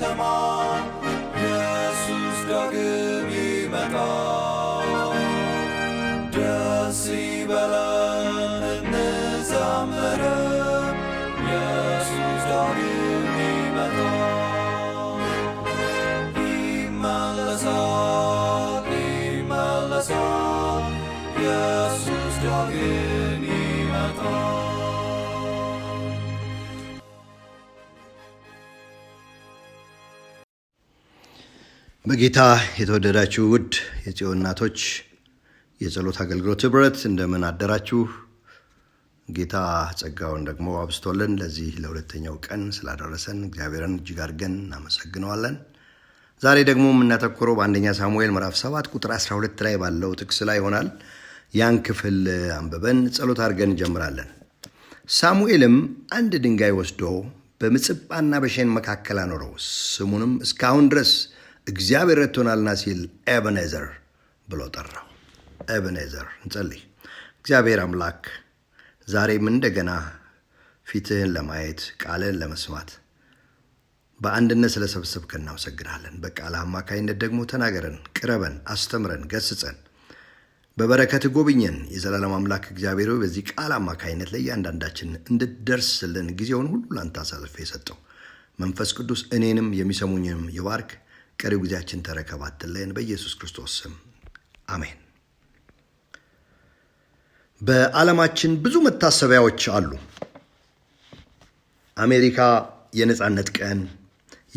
on. በጌታ የተወደዳችሁ ውድ የጽዮን እናቶች የጸሎት አገልግሎት ህብረት እንደምን አደራችሁ። ጌታ ጸጋውን ደግሞ አብስቶልን ለዚህ ለሁለተኛው ቀን ስላደረሰን እግዚአብሔርን እጅግ አድርገን እናመሰግነዋለን። ዛሬ ደግሞ የምናተኮረው በአንደኛ ሳሙኤል ምዕራፍ 7 ቁጥር 12 ላይ ባለው ጥቅስ ላይ ይሆናል። ያን ክፍል አንብበን ጸሎት አድርገን እንጀምራለን። ሳሙኤልም አንድ ድንጋይ ወስዶ በምጽጳና በሼን መካከል አኖረው። ስሙንም እስካሁን ድረስ እግዚአብሔር ረቶናልና ሲል ኤብኔዘር ብሎ ጠራው። ኤብኔዘር። እንጸልይ። እግዚአብሔር አምላክ ዛሬም እንደገና ፊትህን ለማየት ቃልህን ለመስማት በአንድነት ስለሰብስብክ እናመሰግናለን። በቃል አማካይነት ደግሞ ተናገረን፣ ቅረበን፣ አስተምረን፣ ገስጸን፣ በበረከት ጎብኘን። የዘላለም አምላክ እግዚአብሔር በዚህ ቃል አማካይነት ለእያንዳንዳችን እንድደርስልን ጊዜውን ሁሉ ላንተ አሳልፌ የሰጠው መንፈስ ቅዱስ እኔንም የሚሰሙኝም ይባርክ ቀሪው ጊዜያችን ተረከባትለን በኢየሱስ ክርስቶስ ስም አሜን። በዓለማችን ብዙ መታሰቢያዎች አሉ። አሜሪካ የነፃነት ቀን፣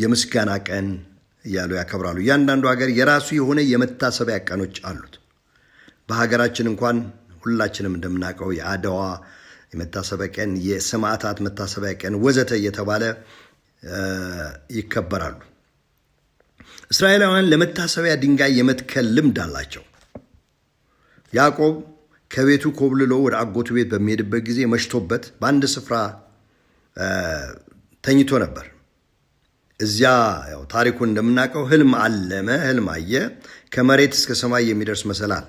የምስጋና ቀን እያሉ ያከብራሉ። እያንዳንዱ ሀገር የራሱ የሆነ የመታሰቢያ ቀኖች አሉት። በሀገራችን እንኳን ሁላችንም እንደምናውቀው የአድዋ የመታሰቢያ ቀን፣ የሰማዕታት መታሰቢያ ቀን ወዘተ እየተባለ ይከበራሉ። እስራኤላውያን ለመታሰቢያ ድንጋይ የመትከል ልምድ አላቸው። ያዕቆብ ከቤቱ ኮብልሎ ወደ አጎቱ ቤት በሚሄድበት ጊዜ መሽቶበት በአንድ ስፍራ ተኝቶ ነበር። እዚያ ያው ታሪኩን እንደምናውቀው ህልም አለመ፣ ህልም አየ፣ ከመሬት እስከ ሰማይ የሚደርስ መሰላል፣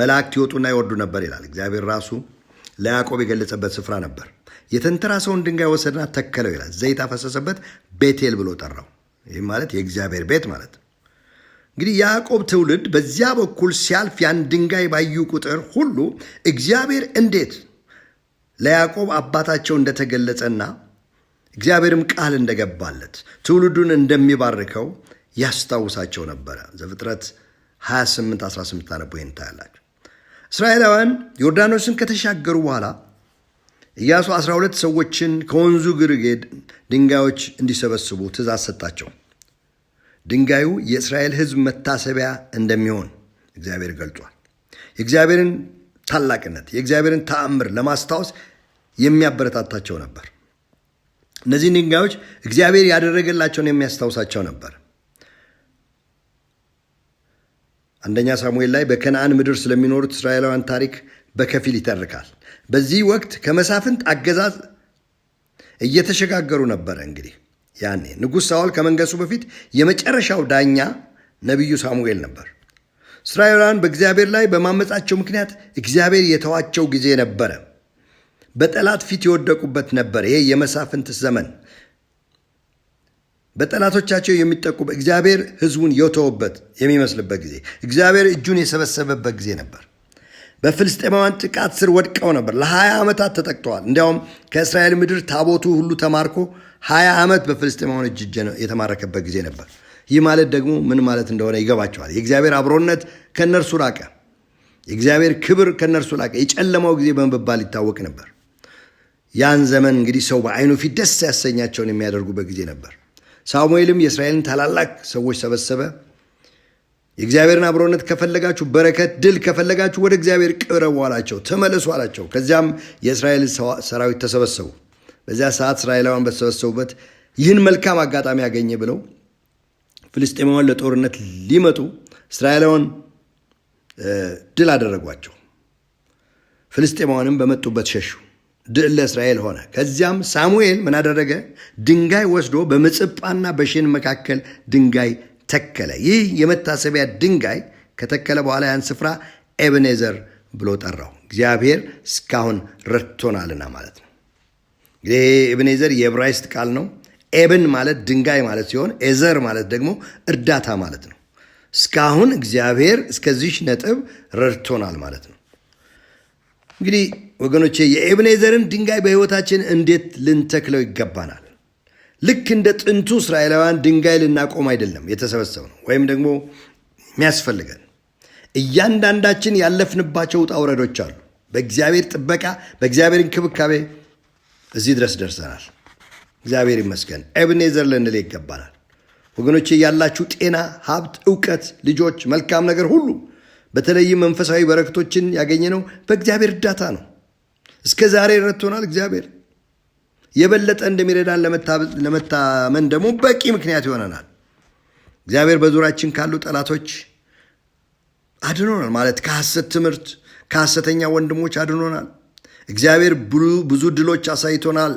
መላእክት ይወጡና ይወርዱ ነበር ይላል። እግዚአብሔር ራሱ ለያዕቆብ የገለጸበት ስፍራ ነበር። የተንተራሰውን ድንጋይ ወሰድና ተከለው ይላል። ዘይት አፈሰሰበት፣ ቤቴል ብሎ ጠራው። ይህ ማለት የእግዚአብሔር ቤት ማለት እንግዲህ ያዕቆብ ትውልድ በዚያ በኩል ሲያልፍ ያን ድንጋይ ባዩ ቁጥር ሁሉ እግዚአብሔር እንዴት ለያዕቆብ አባታቸው እንደተገለጸና እግዚአብሔርም ቃል እንደገባለት ትውልዱን እንደሚባርከው ያስታውሳቸው ነበረ። ዘፍጥረት 28 18 ታነቡ ይህን እስራኤላውያን ዮርዳኖስን ከተሻገሩ በኋላ ኢያሱ 12 ሰዎችን ከወንዙ ግርጌ ድንጋዮች እንዲሰበስቡ ትእዛዝ ሰጣቸው። ድንጋዩ የእስራኤል ሕዝብ መታሰቢያ እንደሚሆን እግዚአብሔር ገልጿል። የእግዚአብሔርን ታላቅነት የእግዚአብሔርን ተአምር ለማስታወስ የሚያበረታታቸው ነበር። እነዚህን ድንጋዮች እግዚአብሔር ያደረገላቸውን የሚያስታውሳቸው ነበር። አንደኛ ሳሙኤል ላይ በከነአን ምድር ስለሚኖሩት እስራኤላውያን ታሪክ በከፊል ይተርካል። በዚህ ወቅት ከመሳፍንት አገዛዝ እየተሸጋገሩ ነበረ እንግዲህ ያኔ ንጉሥ ሳኦል ከመንገሱ በፊት የመጨረሻው ዳኛ ነቢዩ ሳሙኤል ነበር። እስራኤላውያን በእግዚአብሔር ላይ በማመፃቸው ምክንያት እግዚአብሔር የተዋቸው ጊዜ ነበረ። በጠላት ፊት የወደቁበት ነበር። ይሄ የመሳፍንት ዘመን በጠላቶቻቸው የሚጠቁ እግዚአብሔር ሕዝቡን የተወበት የሚመስልበት ጊዜ፣ እግዚአብሔር እጁን የሰበሰበበት ጊዜ ነበር። በፍልስጤማውያን ጥቃት ስር ወድቀው ነበር። ለ ለ20 ዓመታት ተጠቅተዋል። እንዲያውም ከእስራኤል ምድር ታቦቱ ሁሉ ተማርኮ 20 ዓመት በፍልስጤማውያን እጅ የተማረከበት ጊዜ ነበር። ይህ ማለት ደግሞ ምን ማለት እንደሆነ ይገባቸዋል። የእግዚአብሔር አብሮነት ከእነርሱ ራቀ። የእግዚአብሔር ክብር ከእነርሱ ላቀ። የጨለማው ጊዜ በመባል ይታወቅ ነበር። ያን ዘመን እንግዲህ ሰው በአይኑ ፊት ደስ ያሰኛቸውን የሚያደርጉበት ጊዜ ነበር። ሳሙኤልም የእስራኤልን ታላላቅ ሰዎች ሰበሰበ። የእግዚአብሔርን አብሮነት ከፈለጋችሁ በረከት፣ ድል ከፈለጋችሁ ወደ እግዚአብሔር ቅረቡ አላቸው። ተመለሱ አላቸው። ከዚያም የእስራኤል ሰራዊት ተሰበሰቡ። በዚያ ሰዓት እስራኤላውያን በተሰበሰቡበት ይህን መልካም አጋጣሚ ያገኘ ብለው ፍልስጤማውያን ለጦርነት ሊመጡ እስራኤላውያን ድል አደረጓቸው። ፍልስጤማውያንም በመጡበት ሸሹ። ድል ለእስራኤል ሆነ። ከዚያም ሳሙኤል ምን አደረገ? ድንጋይ ወስዶ በምጽጳና በሼን መካከል ድንጋይ ተከለ። ይህ የመታሰቢያ ድንጋይ ከተከለ በኋላ ያን ስፍራ ኤብኔዘር ብሎ ጠራው። እግዚአብሔር እስካሁን ረድቶናልና ማለት ነው። እንግዲህ ኤብኔዘር የዕብራይስጥ ቃል ነው። ኤብን ማለት ድንጋይ ማለት ሲሆን ኤዘር ማለት ደግሞ እርዳታ ማለት ነው። እስካሁን እግዚአብሔር እስከዚች ነጥብ ረድቶናል ማለት ነው። እንግዲህ ወገኖቼ የኤብኔዘርን ድንጋይ በሕይወታችን እንዴት ልንተክለው ይገባናል? ልክ እንደ ጥንቱ እስራኤላውያን ድንጋይ ልናቆም አይደለም የተሰበሰብ ነው ወይም ደግሞ የሚያስፈልገን እያንዳንዳችን ያለፍንባቸው ውጣ ውረዶች አሉ። በእግዚአብሔር ጥበቃ፣ በእግዚአብሔር እንክብካቤ እዚህ ድረስ ደርሰናል። እግዚአብሔር ይመስገን። ኤብኔዘር ልንል ይገባናል። ወገኖች ያላችሁ ጤና፣ ሀብት፣ እውቀት፣ ልጆች፣ መልካም ነገር ሁሉ በተለይም መንፈሳዊ በረከቶችን ያገኘነው በእግዚአብሔር እርዳታ ነው። እስከ ዛሬ ረድቶናል እግዚአብሔር የበለጠ እንደሚረዳን ለመታመን ደግሞ በቂ ምክንያት ይሆነናል። እግዚአብሔር በዙሪያችን ካሉ ጠላቶች አድኖናል ማለት ከሐሰት ትምህርት፣ ከሐሰተኛ ወንድሞች አድኖናል። እግዚአብሔር ብዙ ድሎች አሳይቶናል።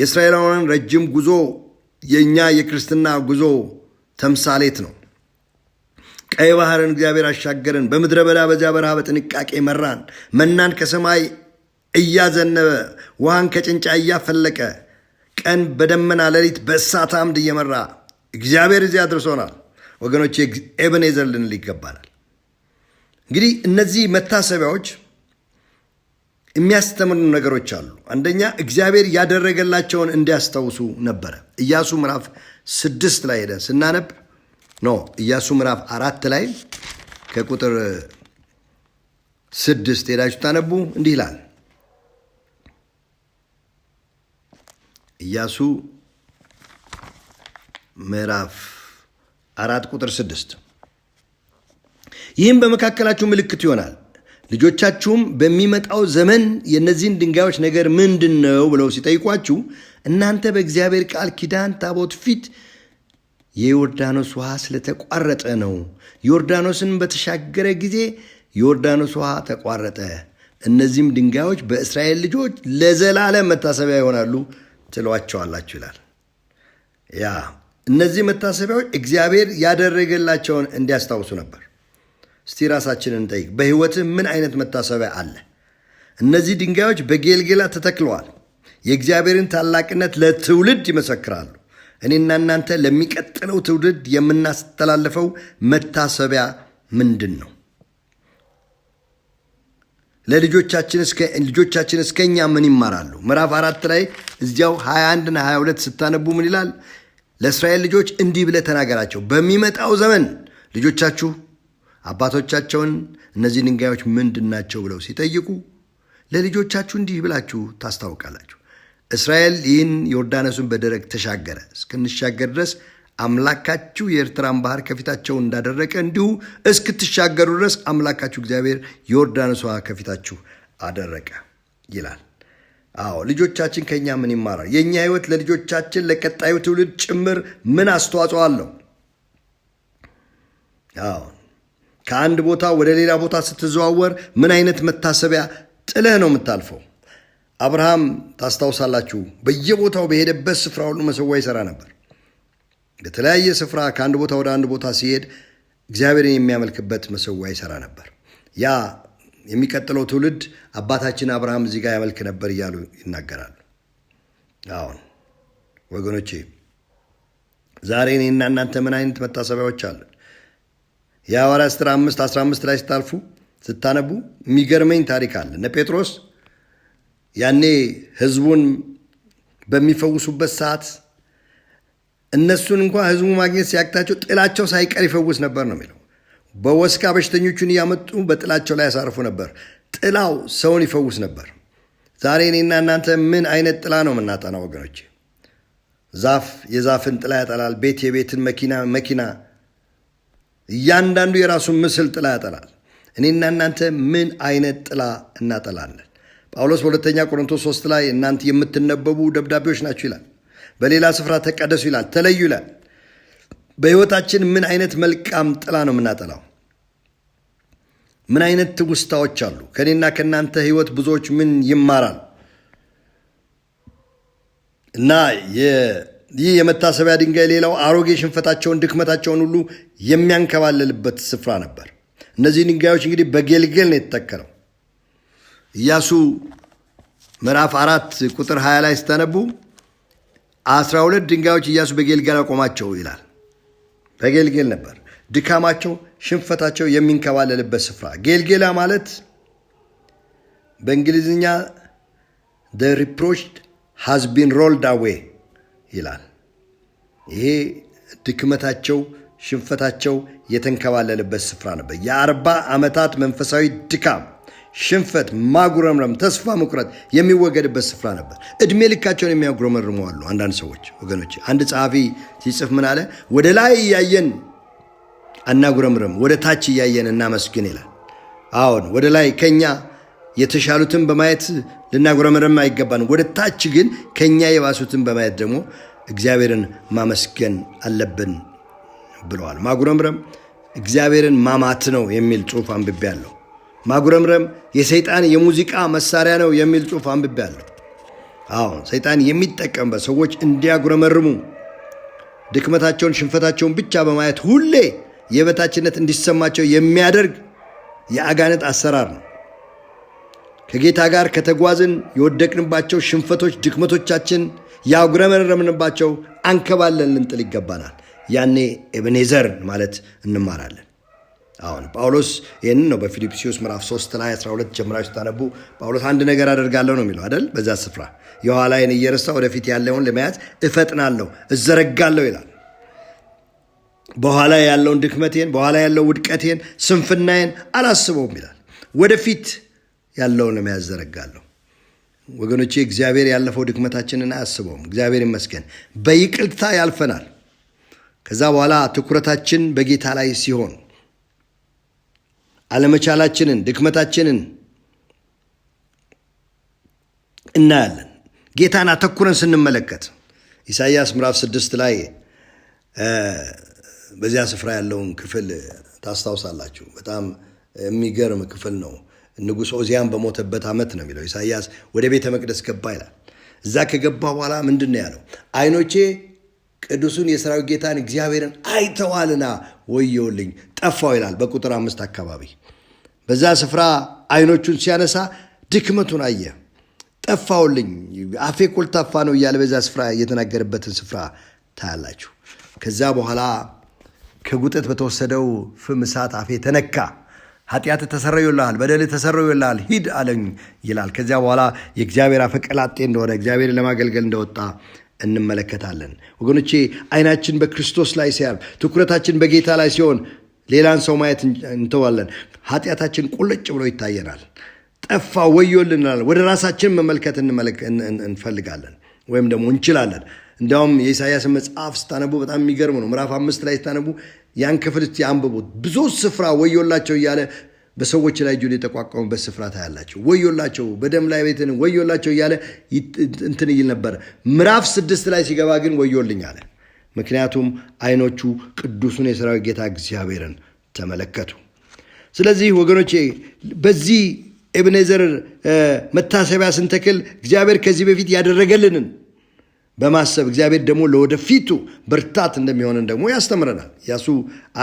የእስራኤላውያን ረጅም ጉዞ የእኛ የክርስትና ጉዞ ተምሳሌት ነው። ቀይ ባህርን እግዚአብሔር አሻገርን። በምድረ በዳ በዚያ በረሃ በጥንቃቄ መራን። መናን ከሰማይ እያዘነበ ውሃን ከጭንጫ እያፈለቀ ቀን በደመና ሌሊት በእሳት አምድ እየመራ እግዚአብሔር እዚያ አድርሶናል። ወገኖች ኤብኔዘር ልንል ይገባናል። እንግዲህ እነዚህ መታሰቢያዎች የሚያስተምሩ ነገሮች አሉ። አንደኛ እግዚአብሔር ያደረገላቸውን እንዲያስታውሱ ነበረ። ኢያሱ ምዕራፍ ስድስት ላይ ሄደን ስናነብ ኖ ኢያሱ ምዕራፍ አራት ላይ ከቁጥር ስድስት ሄዳችሁ ታነቡ እንዲህ ይላል ኢያሱ ምዕራፍ አራት ቁጥር ስድስት ይህም በመካከላችሁ ምልክት ይሆናል፣ ልጆቻችሁም በሚመጣው ዘመን የእነዚህን ድንጋዮች ነገር ምንድን ነው ብለው ሲጠይቋችሁ እናንተ በእግዚአብሔር ቃል ኪዳን ታቦት ፊት የዮርዳኖስ ውሃ ስለተቋረጠ ነው፣ ዮርዳኖስን በተሻገረ ጊዜ ዮርዳኖስ ውሃ ተቋረጠ፣ እነዚህም ድንጋዮች በእስራኤል ልጆች ለዘላለም መታሰቢያ ይሆናሉ ትሏቸዋላችሁ ይላል። ያ እነዚህ መታሰቢያዎች እግዚአብሔር ያደረገላቸውን እንዲያስታውሱ ነበር። እስቲ ራሳችንን እንጠይቅ። በሕይወትህ ምን አይነት መታሰቢያ አለ? እነዚህ ድንጋዮች በጌልጌላ ተተክለዋል። የእግዚአብሔርን ታላቅነት ለትውልድ ይመሰክራሉ። እኔና እናንተ ለሚቀጥለው ትውልድ የምናስተላልፈው መታሰቢያ ምንድን ነው? ለልጆቻችን እስከኛ ምን ይማራሉ? ምዕራፍ አራት ላይ እዚያው 21ና 22 ስታነቡ ምን ይላል? ለእስራኤል ልጆች እንዲህ ብለህ ተናገራቸው፣ በሚመጣው ዘመን ልጆቻችሁ አባቶቻቸውን እነዚህ ድንጋዮች ምንድን ናቸው ብለው ሲጠይቁ ለልጆቻችሁ እንዲህ ብላችሁ ታስታውቃላችሁ። እስራኤል ይህን ዮርዳኖስን በደረቅ ተሻገረ። እስክንሻገር ድረስ አምላካችሁ የኤርትራን ባህር ከፊታቸው እንዳደረቀ እንዲሁ እስክትሻገሩ ድረስ አምላካችሁ እግዚአብሔር ዮርዳኖስ ውሃ ከፊታችሁ አደረቀ ይላል። አዎ ልጆቻችን ከእኛ ምን ይማራል? የእኛ ህይወት ለልጆቻችን ለቀጣዩ ትውልድ ጭምር ምን አስተዋጽኦ አለው? አዎ ከአንድ ቦታ ወደ ሌላ ቦታ ስትዘዋወር ምን አይነት መታሰቢያ ጥለህ ነው የምታልፈው? አብርሃም ታስታውሳላችሁ፣ በየቦታው በሄደበት ስፍራ ሁሉ መሰዋ ይሰራ ነበር። ለተለያየ ስፍራ ከአንድ ቦታ ወደ አንድ ቦታ ሲሄድ እግዚአብሔርን የሚያመልክበት መሰዊያ ይሰራ ነበር። ያ የሚቀጥለው ትውልድ አባታችን አብርሃም እዚህ ጋር ያመልክ ነበር እያሉ ይናገራሉ። አሁን ወገኖቼ ዛሬ እኔና እናንተ ምን አይነት መታሰቢያዎች አለን? የሐዋርያት ሥራ አምስት አስራ አምስት ላይ ስታልፉ ስታነቡ የሚገርመኝ ታሪክ አለ። እነ ጴጥሮስ ያኔ ህዝቡን በሚፈውሱበት ሰዓት እነሱን እንኳ ህዝቡ ማግኘት ሲያቅታቸው ጥላቸው ሳይቀር ይፈውስ ነበር ነው የሚለው። በወስካ በሽተኞቹን እያመጡ በጥላቸው ላይ ያሳርፉ ነበር። ጥላው ሰውን ይፈውስ ነበር። ዛሬ እኔና እናንተ ምን አይነት ጥላ ነው የምናጠና ወገኖች? ዛፍ የዛፍን ጥላ ያጠላል። ቤት የቤትን መኪና መኪና እያንዳንዱ የራሱን ምስል ጥላ ያጠላል። እኔና እናንተ ምን አይነት ጥላ እናጠላለን? ጳውሎስ በሁለተኛ ቆሮንቶስ ሶስት ላይ እናንተ የምትነበቡ ደብዳቤዎች ናችሁ ይላል። በሌላ ስፍራ ተቀደሱ ይላል፣ ተለዩ ይላል። በሕይወታችን ምን አይነት መልካም ጥላ ነው የምናጠላው? ምን አይነት ትውስታዎች አሉ? ከእኔና ከእናንተ ህይወት ብዙዎች ምን ይማራል? እና ይህ የመታሰቢያ ድንጋይ ሌላው አሮጌ ሽንፈታቸውን፣ ድክመታቸውን ሁሉ የሚያንከባልልበት ስፍራ ነበር። እነዚህ ድንጋዮች እንግዲህ በጌልጌል ነው የተተከለው። ኢያሱ ምዕራፍ አራት ቁጥር 20 ላይ ስታነቡ አስራ ሁለት ድንጋዮች እያሱ በጌልጌል አቆማቸው ይላል። በጌልጌል ነበር ድካማቸው፣ ሽንፈታቸው የሚንከባለልበት ስፍራ ጌልጌላ ማለት በእንግሊዝኛ ደ ሪፕሮች ሃዝ ቢን ሮልድ አዌ ይላል። ይሄ ድክመታቸው፣ ሽንፈታቸው የተንከባለልበት ስፍራ ነበር። የአርባ ዓመታት መንፈሳዊ ድካም ሽንፈት፣ ማጉረምረም፣ ተስፋ መቁረጥ የሚወገድበት ስፍራ ነበር። እድሜ ልካቸውን የሚያጉረመርሙ አሉ። አንዳንድ ሰዎች ወገኖች፣ አንድ ጸሐፊ ሲጽፍ ምን አለ? ወደ ላይ እያየን አናጉረምርም፣ ወደ ታች እያየን እናመስግን ይላል። አዎን ወደ ላይ ከኛ የተሻሉትን በማየት ልናጉረምርም አይገባን ወደ ታች ግን ከኛ የባሱትን በማየት ደግሞ እግዚአብሔርን ማመስገን አለብን ብለዋል። ማጉረምረም እግዚአብሔርን ማማት ነው የሚል ጽሑፍ አንብቤ ያለው ማጉረምረም የሰይጣን የሙዚቃ መሳሪያ ነው የሚል ጽሑፍ አንብቤያለሁ። አዎ ሰይጣን የሚጠቀምበት ሰዎች እንዲያጉረመርሙ ድክመታቸውን፣ ሽንፈታቸውን ብቻ በማየት ሁሌ የበታችነት እንዲሰማቸው የሚያደርግ የአጋነት አሰራር ነው። ከጌታ ጋር ከተጓዝን የወደቅንባቸው ሽንፈቶች፣ ድክመቶቻችን፣ ያጉረመረምንባቸው አንከባለን ልንጥል ይገባናል። ያኔ ኤብኔዘር ማለት እንማራለን። አሁን ጳውሎስ ይህንን ነው በፊልጵስዩስ ምዕራፍ 3 ላይ 12 ጀምራችሁ ስታነቡ ጳውሎስ አንድ ነገር አደርጋለሁ ነው የሚለው አይደል? በዛ ስፍራ የኋላዬን እየረሳ ወደፊት ያለውን ለመያዝ እፈጥናለሁ፣ እዘረጋለሁ ይላል። በኋላ ያለውን ድክመቴን፣ በኋላ ያለው ውድቀቴን፣ ስንፍናዬን አላስበውም ይላል። ወደፊት ያለውን ለመያዝ ዘረጋለሁ። ወገኖቼ እግዚአብሔር ያለፈው ድክመታችንን አያስበውም። እግዚአብሔር ይመስገን በይቅልታ ያልፈናል። ከዛ በኋላ ትኩረታችን በጌታ ላይ ሲሆን አለመቻላችንን፣ ድክመታችንን እናያለን። ጌታን አተኩረን ስንመለከት ኢሳይያስ ምዕራፍ ስድስት ላይ በዚያ ስፍራ ያለውን ክፍል ታስታውሳላችሁ። በጣም የሚገርም ክፍል ነው። ንጉሥ ኦዚያን በሞተበት ዓመት ነው የሚለው ኢሳይያስ ወደ ቤተ መቅደስ ገባ ይላል። እዛ ከገባ በኋላ ምንድን ነው ያለው? አይኖቼ ቅዱሱን የሰራዊት ጌታን እግዚአብሔርን አይተዋልና ወየውልኝ ጠፋው ይላል። በቁጥር አምስት አካባቢ በዛ ስፍራ አይኖቹን ሲያነሳ ድክመቱን አየ። ጠፋውልኝ አፌ ኮልታፋ ነው እያለ በዛ ስፍራ የተናገረበትን ስፍራ ታያላችሁ። ከዛ በኋላ ከጉጠት በተወሰደው ፍም እሳት አፌ ተነካ። ኃጢአት ተሰረዩልሃል፣ በደል ተሰረዩልሃል፣ ሂድ አለኝ ይላል። ከዚያ በኋላ የእግዚአብሔር አፈ ቀላጤ እንደሆነ እግዚአብሔር ለማገልገል እንደወጣ እንመለከታለን። ወገኖቼ አይናችን በክርስቶስ ላይ ሲያርፍ፣ ትኩረታችን በጌታ ላይ ሲሆን ሌላን ሰው ማየት እንተዋለን። ኃጢአታችን ቁልጭ ብሎ ይታየናል። ጠፋ ወዮልናል። ወደ ራሳችን መመልከት እንፈልጋለን ወይም ደግሞ እንችላለን። እንዲያውም የኢሳያስን መጽሐፍ ስታነቡ በጣም የሚገርም ነው። ምዕራፍ አምስት ላይ ስታነቡ ያን ክፍል ስ አንብቡት። ብዙ ስፍራ ወዮላቸው እያለ በሰዎች ላይ እጁን የተቋቋሙበት ስፍራ ታያላቸው። ወዮላቸው በደም ላይ ቤትን ወዮላቸው እያለ እንትን ይል ነበር። ምዕራፍ ስድስት ላይ ሲገባ ግን ወዮልኝ አለ። ምክንያቱም አይኖቹ ቅዱሱን የሰራዊት ጌታ እግዚአብሔርን ተመለከቱ። ስለዚህ ወገኖቼ በዚህ ኤብኔዘር መታሰቢያ ስንተክል እግዚአብሔር ከዚህ በፊት ያደረገልንን በማሰብ እግዚአብሔር ደግሞ ለወደፊቱ ብርታት እንደሚሆንን ደግሞ ያስተምረናል። ያሱ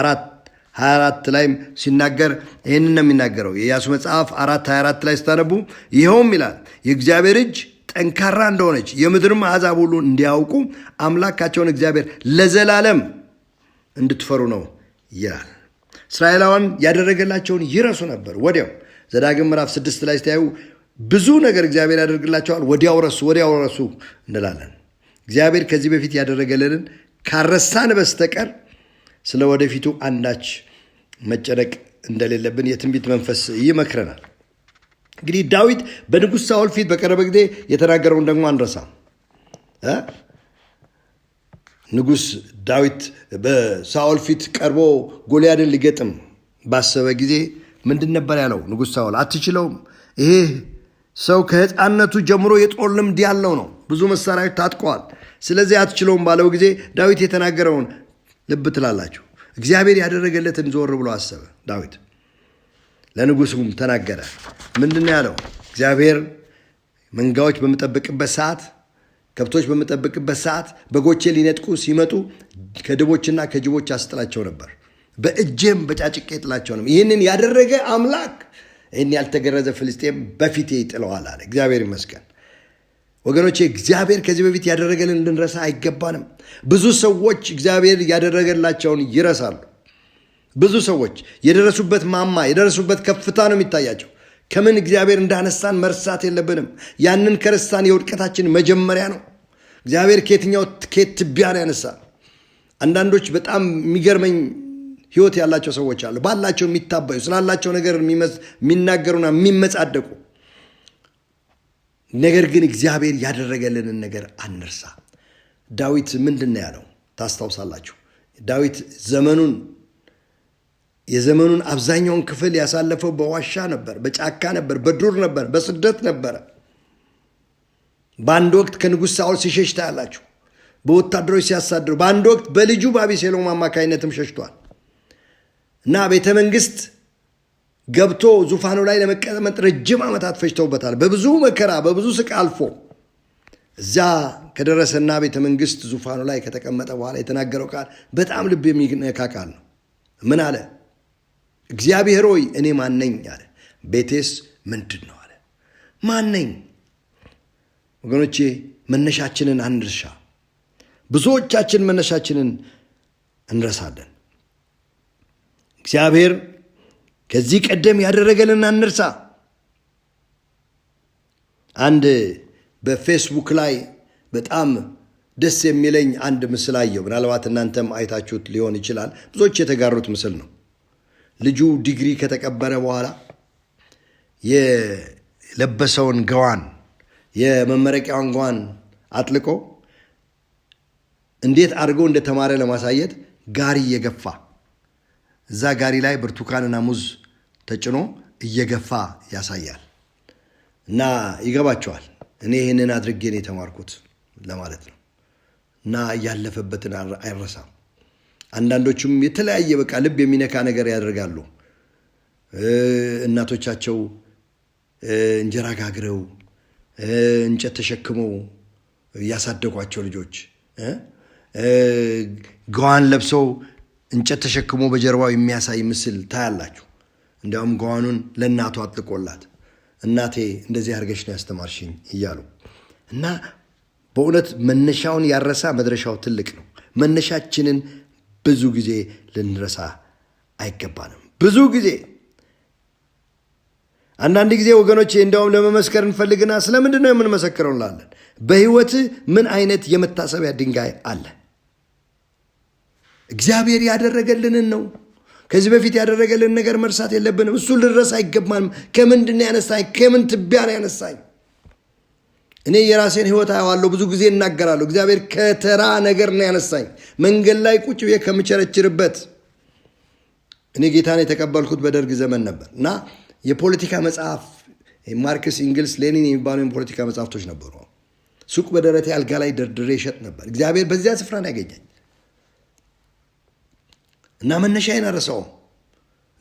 አራት 24 ላይም ሲናገር ይህንን ነው የሚናገረው። የያሱ መጽሐፍ አራት 24 ላይ ስታነቡ ይኸውም ይላል የእግዚአብሔር እጅ ጠንካራ እንደሆነች የምድርም አሕዛብ ሁሉ እንዲያውቁ አምላካቸውን እግዚአብሔር ለዘላለም እንድትፈሩ ነው ይላል። እስራኤላውያን ያደረገላቸውን ይረሱ ነበር። ወዲያው ዘዳግም ምዕራፍ ስድስት ላይ ስታዩ ብዙ ነገር እግዚአብሔር ያደርግላቸዋል፣ ወዲያው ረሱ፣ ወዲያው ረሱ እንላለን። እግዚአብሔር ከዚህ በፊት ያደረገልንን ካረሳን በስተቀር ስለ ወደፊቱ አንዳች መጨነቅ እንደሌለብን የትንቢት መንፈስ ይመክረናል። እንግዲህ ዳዊት በንጉሥ ሳውል ፊት በቀረበ ጊዜ የተናገረውን ደግሞ አንረሳ። ንጉሥ ዳዊት በሳውል ፊት ቀርቦ ጎልያድን ሊገጥም ባሰበ ጊዜ ምንድን ነበር ያለው? ንጉሥ ሳውል አትችለውም፣ ይሄ ሰው ከሕፃንነቱ ጀምሮ የጦር ልምድ ያለው ነው፣ ብዙ መሳሪያዎች ታጥቀዋል፣ ስለዚህ አትችለውም ባለው ጊዜ ዳዊት የተናገረውን ልብ ትላላችሁ። እግዚአብሔር ያደረገለትን ዞር ብሎ አሰበ ዳዊት። ለንጉሱም ተናገረ። ምንድን ያለው? እግዚአብሔር መንጋዎች በምጠብቅበት ሰዓት፣ ከብቶች በምጠብቅበት ሰዓት በጎቼ ሊነጥቁ ሲመጡ ከድቦችና ከጅቦች አስጥላቸው ነበር፣ በእጄም በጫጭቄ ጥላቸው ነበር። ይህንን ያደረገ አምላክ ይህን ያልተገረዘ ፍልስጤም በፊቴ ይጥለዋል አለ። እግዚአብሔር ይመስገን። ወገኖቼ እግዚአብሔር ከዚህ በፊት ያደረገልን ልንረሳ አይገባንም። ብዙ ሰዎች እግዚአብሔር ያደረገላቸውን ይረሳሉ። ብዙ ሰዎች የደረሱበት ማማ የደረሱበት ከፍታ ነው የሚታያቸው። ከምን እግዚአብሔር እንዳነሳን መርሳት የለብንም። ያንን ከረሳን የውድቀታችን መጀመሪያ ነው። እግዚአብሔር ከየትኛው ከየት ትቢያ ነው ያነሳ። አንዳንዶች በጣም የሚገርመኝ ህይወት ያላቸው ሰዎች አሉ። ባላቸው የሚታበዩ ስላላቸው ነገር የሚናገሩና የሚመጻደቁ ነገር ግን እግዚአብሔር ያደረገልንን ነገር አንርሳ። ዳዊት ምንድን ነው ያለው ታስታውሳላችሁ? ዳዊት ዘመኑን የዘመኑን አብዛኛውን ክፍል ያሳለፈው በዋሻ ነበር፣ በጫካ ነበር፣ በዱር ነበር፣ በስደት ነበረ። በአንድ ወቅት ከንጉሥ ሳኦል ሲሸሽ ታያላችሁ። በወታደሮች ሲያሳድሩ፣ በአንድ ወቅት በልጁ በአቤሴሎም አማካኝነትም ሸሽቷል እና ቤተ መንግስት ገብቶ ዙፋኑ ላይ ለመቀመጥ ረጅም ዓመታት ፈጅተውበታል። በብዙ መከራ በብዙ ስቃ አልፎ እዛ ከደረሰና ቤተ መንግስት ዙፋኑ ላይ ከተቀመጠ በኋላ የተናገረው ቃል በጣም ልብ የሚነካ ቃል ነው። ምን አለ? እግዚአብሔር ሆይ እኔ ማነኝ አለ። ቤቴስ ምንድን ነው አለ። ማነኝ ወገኖቼ፣ መነሻችንን አንርሻ። ብዙዎቻችን መነሻችንን እንረሳለን። እግዚአብሔር ከዚህ ቀደም ያደረገልን አንርሳ። አንድ በፌስቡክ ላይ በጣም ደስ የሚለኝ አንድ ምስል አየው። ምናልባት እናንተም አይታችሁት ሊሆን ይችላል። ብዙዎች የተጋሩት ምስል ነው። ልጁ ዲግሪ ከተቀበረ በኋላ የለበሰውን ገዋን የመመረቂያውን ገዋን አጥልቆ እንዴት አድርጎ እንደተማረ ለማሳየት ጋሪ እየገፋ እዛ ጋሪ ላይ ብርቱካንና ሙዝ ተጭኖ እየገፋ ያሳያል። እና ይገባቸዋል። እኔ ይህንን አድርጌን የተማርኩት ለማለት ነው። እና እያለፈበትን አይረሳም። አንዳንዶቹም የተለያየ በቃ ልብ የሚነካ ነገር ያደርጋሉ። እናቶቻቸው እንጀራ ጋግረው እንጨት ተሸክመው ያሳደጓቸው ልጆች ገዋን ለብሰው እንጨት ተሸክሞ በጀርባው የሚያሳይ ምስል ታያላችሁ። እንዲያውም ገዋኑን ለእናቱ አጥልቆላት እናቴ እንደዚህ አድርገሽ ነው ያስተማርሽኝ እያሉ እና በእውነት መነሻውን ያረሳ መድረሻው ትልቅ ነው። መነሻችንን ብዙ ጊዜ ልንረሳ አይገባንም። ብዙ ጊዜ አንዳንድ ጊዜ ወገኖች እንደውም ለመመስከር እንፈልግና ስለምንድን ነው የምንመሰክረው እንላለን። በህይወት ምን አይነት የመታሰቢያ ድንጋይ አለ? እግዚአብሔር ያደረገልንን ነው። ከዚህ በፊት ያደረገልን ነገር መርሳት የለብንም። እሱ ልረሳ አይገባንም። ከምንድን ያነሳኝ? ከምን ትቢያ ነው ያነሳኝ? እኔ የራሴን ህይወት አየዋለሁ። ብዙ ጊዜ እናገራለሁ። እግዚአብሔር ከተራ ነገር ነው ያነሳኝ። መንገድ ላይ ቁጭ ብዬ ከምቸረችርበት እኔ ጌታን የተቀበልኩት በደርግ ዘመን ነበር እና የፖለቲካ መጽሐፍ ማርክስ፣ ኢንግልስ፣ ሌኒን የሚባሉ የፖለቲካ መጽሐፍቶች ነበሩ። ሱቅ በደረቴ አልጋ ላይ ደርድሬ ይሸጥ ነበር። እግዚአብሔር በዚያ ስፍራ ነው ያገኘኝ እና መነሻ አረሳውም።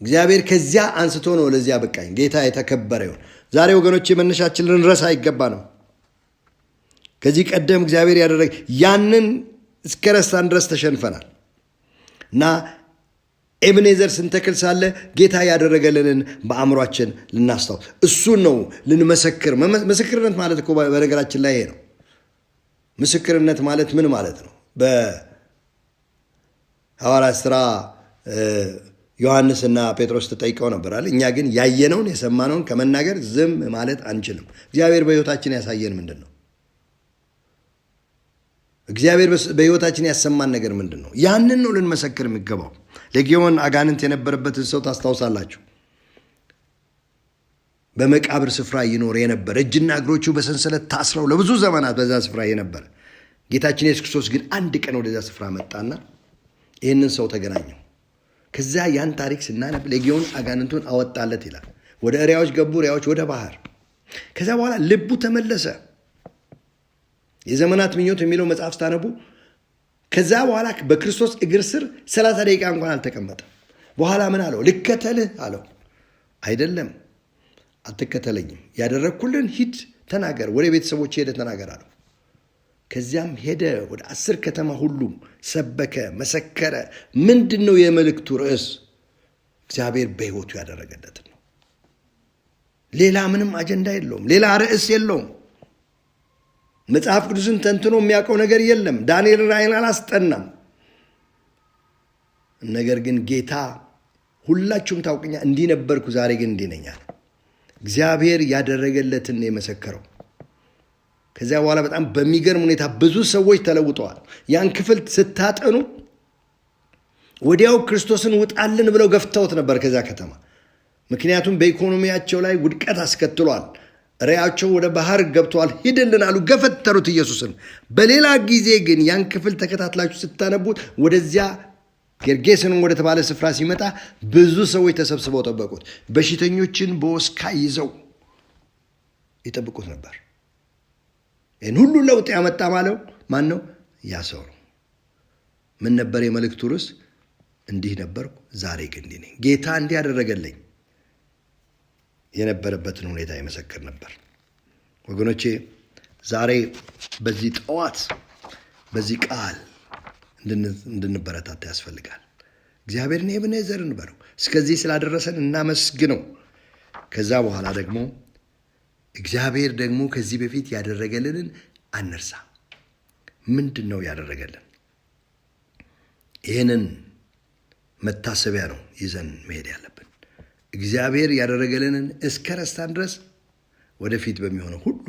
እግዚአብሔር ከዚያ አንስቶ ነው ለዚያ በቃኝ። ጌታ የተከበረ ይሁን። ዛሬ ወገኖች መነሻችን ልንረሳ አይገባንም። ከዚህ ቀደም እግዚአብሔር ያደረገ ያንን እስከ ረሳን ድረስ ተሸንፈናል እና ኤብኔዘር ስንተክል ሳለ ጌታ ያደረገልንን በአእምሯችን ልናስታው እሱን ነው ልንመሰክር። ምስክርነት ማለት እኮ በነገራችን ላይ ይሄ ነው። ምስክርነት ማለት ምን ማለት ነው? በሐዋርያት ሥራ ዮሐንስና ጴጥሮስ ተጠይቀው ነበራል። እኛ ግን ያየነውን የሰማነውን ከመናገር ዝም ማለት አንችልም። እግዚአብሔር በሕይወታችን ያሳየን ምንድን ነው? እግዚአብሔር በሕይወታችን ያሰማን ነገር ምንድን ነው? ያንን ነው ልንመሰክር የሚገባው። ሌጊዮን አጋንንት የነበረበትን ሰው ታስታውሳላችሁ። በመቃብር ስፍራ ይኖር የነበረ እጅና እግሮቹ በሰንሰለት ታስረው ለብዙ ዘመናት በዛ ስፍራ የነበረ ጌታችን ኢየሱስ ክርስቶስ ግን አንድ ቀን ወደዛ ስፍራ መጣና ይህንን ሰው ተገናኘው። ከዚያ ያን ታሪክ ስናነብ ሌጊዮን አጋንንቱን አወጣለት ይላል። ወደ እሪያዎች ገቡ፣ እሪያዎች ወደ ባህር። ከዚያ በኋላ ልቡ ተመለሰ። የዘመናት ምኞት የሚለው መጽሐፍ ስታነቡ ከዛ በኋላ በክርስቶስ እግር ስር ሰላሳ ደቂቃ እንኳን አልተቀመጠም። በኋላ ምን አለው? ልከተልህ አለው። አይደለም አትከተለኝም፣ ያደረግኩልን ሂድ፣ ተናገር፣ ወደ ቤተሰቦች ሄደ ተናገር አለው። ከዚያም ሄደ ወደ አስር ከተማ ሁሉ ሰበከ፣ መሰከረ። ምንድን ነው የመልእክቱ ርዕስ? እግዚአብሔር በሕይወቱ ያደረገለትን ነው። ሌላ ምንም አጀንዳ የለውም። ሌላ ርዕስ የለውም። መጽሐፍ ቅዱስን ተንትኖ የሚያውቀው ነገር የለም። ዳንኤል ራእይን አላስጠናም። ነገር ግን ጌታ ሁላችሁም ታውቅኛ፣ እንዲህ ነበርኩ፣ ዛሬ ግን እንዲህ እግዚአብሔር ያደረገለትን የመሰከረው። ከዚያ በኋላ በጣም በሚገርም ሁኔታ ብዙ ሰዎች ተለውጠዋል። ያን ክፍል ስታጠኑ ወዲያው ክርስቶስን ውጣልን ብለው ገፍተውት ነበር ከዚያ ከተማ። ምክንያቱም በኢኮኖሚያቸው ላይ ውድቀት አስከትሏል። ራእያቸው ወደ ባህር ገብተዋል፣ ሂድልን አሉ። ገፈተሩት ኢየሱስን። በሌላ ጊዜ ግን ያን ክፍል ተከታትላችሁ ስታነቡት ወደዚያ ጌርጌስንም ወደ ተባለ ስፍራ ሲመጣ ብዙ ሰዎች ተሰብስበው ጠበቁት። በሽተኞችን በወስካ ይዘው ይጠብቁት ነበር። ይህን ሁሉ ለውጥ ያመጣ ማለው ማን ነው? ያ ሰው ነው። ምን ነበር የመልእክቱ ርዕስ? እንዲህ ነበርኩ፣ ዛሬ ግን ነኝ። ጌታ እንዲህ ያደረገልኝ የነበረበትን ሁኔታ ይመሰክር ነበር። ወገኖቼ ዛሬ በዚህ ጠዋት በዚህ ቃል እንድንበረታታ ያስፈልጋል። እግዚአብሔርን የብነዘር እንበለው፣ እስከዚህ ስላደረሰን እናመስግነው። ከዛ በኋላ ደግሞ እግዚአብሔር ደግሞ ከዚህ በፊት ያደረገልንን አንርሳ። ምንድን ነው ያደረገልን? ይህንን መታሰቢያ ነው ይዘን መሄድ ያለብን። እግዚአብሔር ያደረገልንን እስከ ረስታን ድረስ ወደፊት በሚሆነው ሁሉ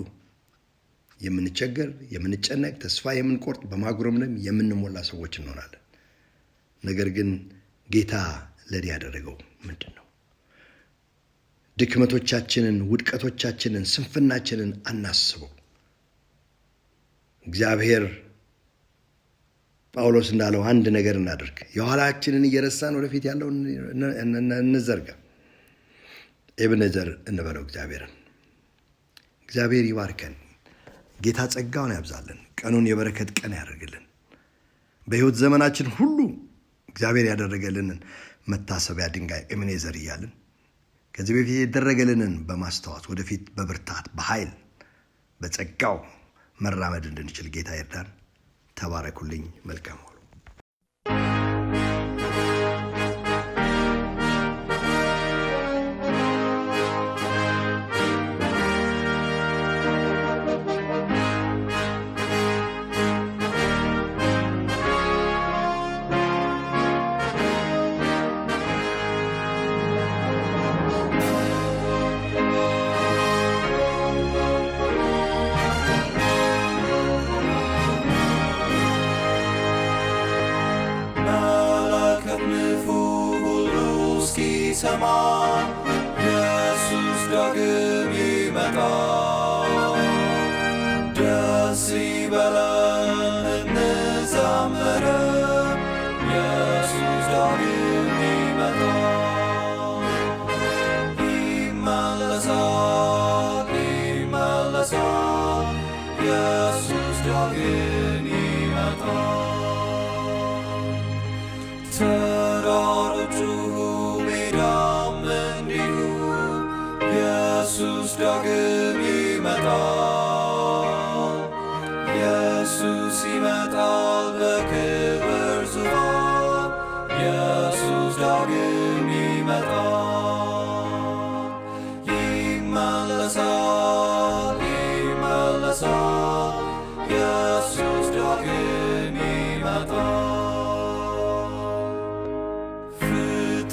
የምንቸገር፣ የምንጨነቅ፣ ተስፋ የምንቆርጥ፣ በማጉረምረም የምንሞላ ሰዎች እንሆናለን። ነገር ግን ጌታ ለኔ ያደረገው ምንድን ነው? ድክመቶቻችንን፣ ውድቀቶቻችንን፣ ስንፍናችንን አናስበው። እግዚአብሔር ጳውሎስ እንዳለው አንድ ነገር እናደርግ የኋላችንን እየረሳን ወደፊት ያለውን እንዘርጋ። ኤብነዘር እንበለው እግዚአብሔርን። እግዚአብሔር ይባርከን። ጌታ ጸጋውን ያብዛልን። ቀኑን የበረከት ቀን ያደርግልን። በሕይወት ዘመናችን ሁሉ እግዚአብሔር ያደረገልንን መታሰቢያ ድንጋይ ኤብኔዘር እያልን ከዚህ በፊት የደረገልንን በማስተዋት ወደፊት በብርታት በኃይል በጸጋው መራመድ እንድንችል ጌታ ይርዳን። ተባረኩልኝ። መልካም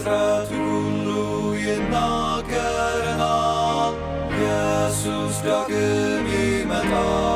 ፍጥረት ሁሉ ይናገረናል ኢየሱስ ዳግም ይመጣል።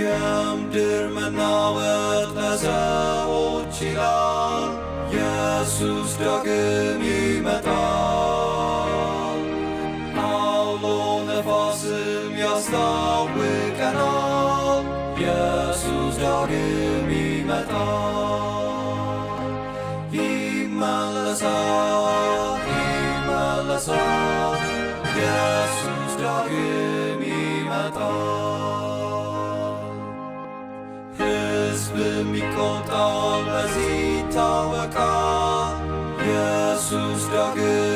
የምድር መናወጥ ለሰዎች ይላል። ኢየሱስ ዳግም ይመጣል። አውሎ ነፋስም ያስታውቀናል። ኢየሱስ ዳግም ይመጣል። ይመለሳል፣ ይመለሳል ችሎታው ለዚህ ይታወቃል ኢየሱስ ዳግም